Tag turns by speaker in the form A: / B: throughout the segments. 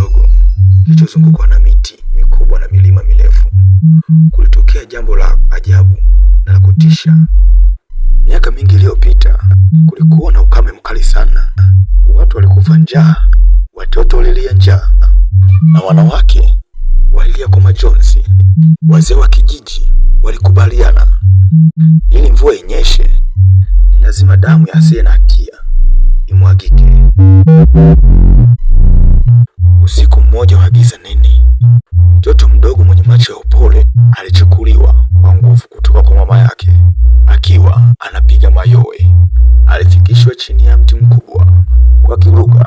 A: kidogo kilichozungukwa na miti mikubwa na milima mirefu, kulitokea jambo la ajabu na la kutisha. Miaka mingi iliyopita, kulikuwa na ukame mkali sana. Watu walikufa njaa, watoto walilia njaa na wanawake walilia kwa majonzi. Wazee wa kijiji walikubaliana, ili mvua inyeshe, ni lazima damu ya asiye na hatia imwagike mmoja wa giza nene. Mtoto mdogo mwenye macho ya upole alichukuliwa kwa nguvu kutoka kwa mama yake akiwa anapiga mayowe, alifikishwa chini ya mti mkubwa. Kwa Kiruga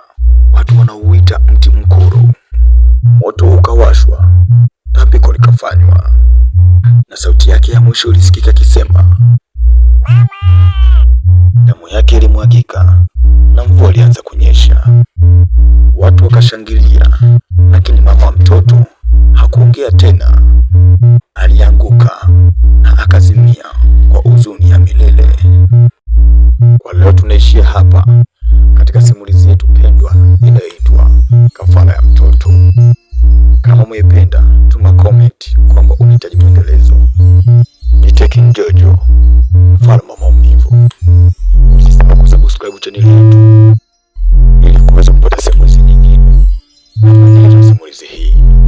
A: watu wanauita mti mkuru. Moto ukawashwa, tambiko likafanywa, na sauti yake ya mwisho ilisikika kisema damu yake ilimwagika na mvua ilianza kunyesha. Watu wakashangilia lakini mama mtoto hakuongea tena. Alianguka na akazimia kwa huzuni ya milele. Kwa leo tunaishia hapa katika simulizi yetu pendwa inayoitwa Kafara ya Mtoto. Kama umependa, tuma comment kwamba unahitaji mwendelezo. Crazy Heat.